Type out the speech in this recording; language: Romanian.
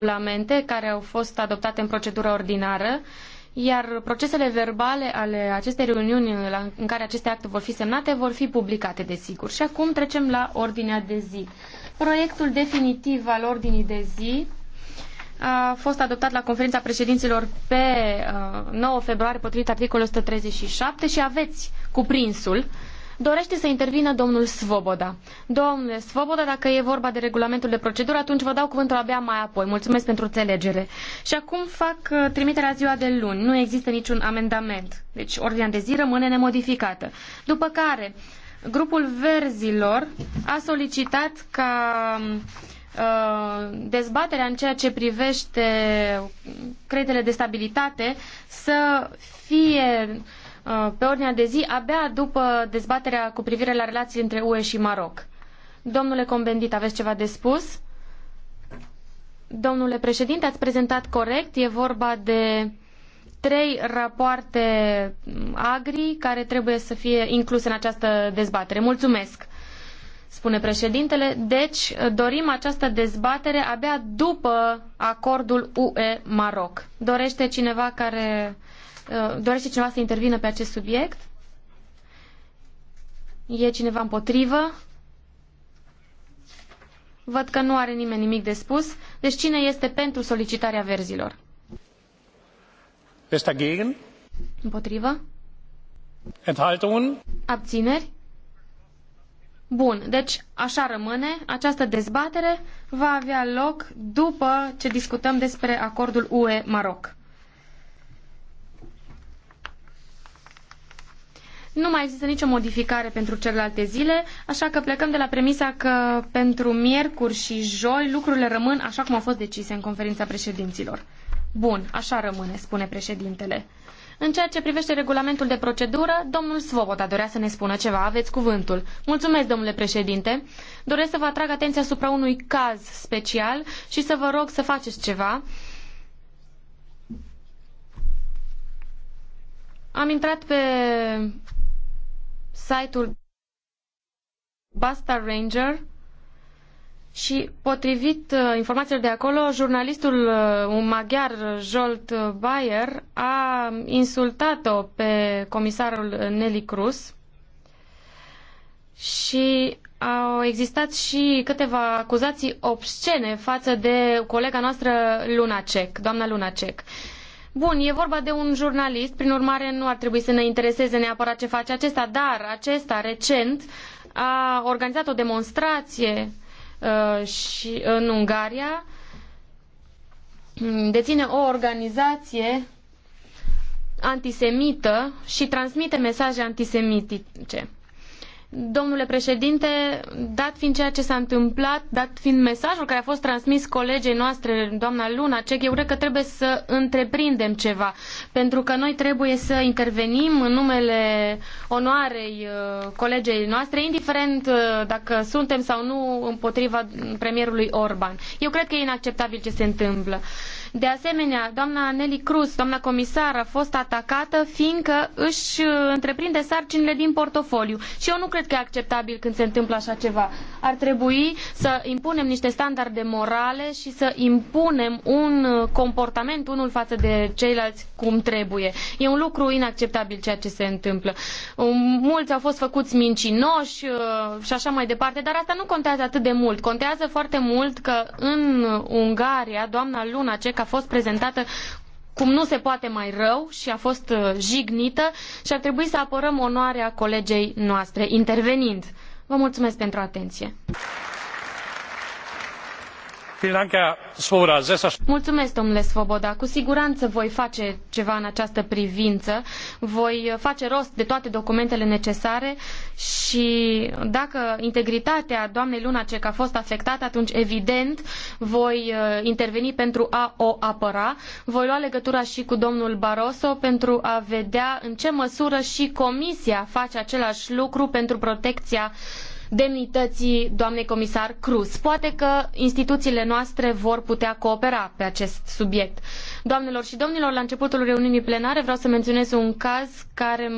regulamente care au fost adoptate în procedură ordinară, iar procesele verbale ale acestei reuniuni în care aceste acte vor fi semnate vor fi publicate, desigur. Și acum trecem la ordinea de zi. Proiectul definitiv al ordinii de zi a fost adoptat la conferința președinților pe 9 uh, februarie potrivit articolul 137 și aveți cuprinsul Dorește să intervină domnul Svoboda. Domnule Svoboda, dacă e vorba de regulamentul de procedură, atunci vă dau cuvântul abia mai apoi. Mulțumesc pentru înțelegere. Și acum fac uh, trimiterea ziua de luni. Nu există niciun amendament. Deci ordinea de zi rămâne nemodificată. După care, grupul verzilor a solicitat ca um, uh, dezbaterea în ceea ce privește creditele de stabilitate să fie Uh, pe ordinea de zi abia după dezbaterea cu privire la relații între UE și Maroc. Domnule Combendit, aveți ceva de spus? Domnule președinte, ați prezentat corect. E vorba de trei rapoarte mm, agri care trebuie să fie incluse în această dezbatere. Mulțumesc, spune președintele. Deci, dorim această dezbatere abia după acordul UE-Maroc. Dorește cineva care Uh, dorește cineva să intervină pe acest subiect? E cineva împotrivă? Văd că nu are nimeni nimic de spus. Deci cine este pentru solicitarea verzilor? Este dagegen? Împotrivă? Enthaltungen? Abțineri? Bun, deci așa rămâne. Această dezbatere va avea loc după ce discutăm despre acordul UE-Maroc. Nu mai există nicio modificare pentru celelalte zile, așa că plecăm de la premisa că pentru miercuri și joi lucrurile rămân așa cum au fost decise în conferința președinților. Bun, așa rămâne, spune președintele. În ceea ce privește regulamentul de procedură, domnul Svoboda dorea să ne spună ceva. Aveți cuvântul. Mulțumesc, domnule președinte. Doresc să vă atrag atenția asupra unui caz special și să vă rog să faceți ceva. Am intrat pe site-ul Basta Ranger și potrivit uh, informațiilor de acolo, jurnalistul uh, un maghiar Jolt Bayer a insultat-o pe comisarul Nelly Cruz și au existat și câteva acuzații obscene față de colega noastră Luna Lunacek, doamna Luna Cech. Bun, e vorba de un jurnalist, prin urmare nu ar trebui să ne intereseze neapărat ce face acesta, dar acesta recent a organizat o demonstrație uh, și, în Ungaria, deține o organizație antisemită și transmite mesaje antisemitice. Domnule președinte, dat fiind ceea ce s-a întâmplat, dat fiind mesajul care a fost transmis colegei noastre, doamna Luna Cec, eu cred că trebuie să întreprindem ceva, pentru că noi trebuie să intervenim în numele onoarei uh, colegei noastre, indiferent uh, dacă suntem sau nu împotriva premierului Orban. Eu cred că e inacceptabil ce se întâmplă. De asemenea, doamna Nelly Cruz, doamna comisar, a fost atacată fiindcă își uh, întreprinde sarcinile din portofoliu. Și eu nu cred cred că e acceptabil când se întâmplă așa ceva. Ar trebui să impunem niște standarde morale și să impunem un uh, comportament unul față de ceilalți cum trebuie. E un lucru inacceptabil ceea ce se întâmplă. Um, mulți au fost făcuți mincinoși uh, și așa mai departe, dar asta nu contează atât de mult. Contează foarte mult că în Ungaria doamna Luna, Cec a fost prezentată cum nu se poate mai rău și a fost uh, jignită și ar trebui să apărăm onoarea colegei noastre intervenind. Vă mulțumesc pentru atenție. Mulțumesc, domnule Svoboda. Cu siguranță voi face ceva în această privință. Voi face rost de toate documentele necesare și dacă integritatea doamnei Lunacek a fost afectată, atunci evident voi uh, interveni pentru a o apăra. Voi lua legătura și cu domnul Barroso pentru a vedea în ce măsură și Comisia face același lucru pentru protecția demnității doamnei comisar Cruz. Poate că instituțiile noastre vor putea coopera pe acest subiect. Doamnelor și domnilor, la începutul reuniunii plenare vreau să menționez un caz care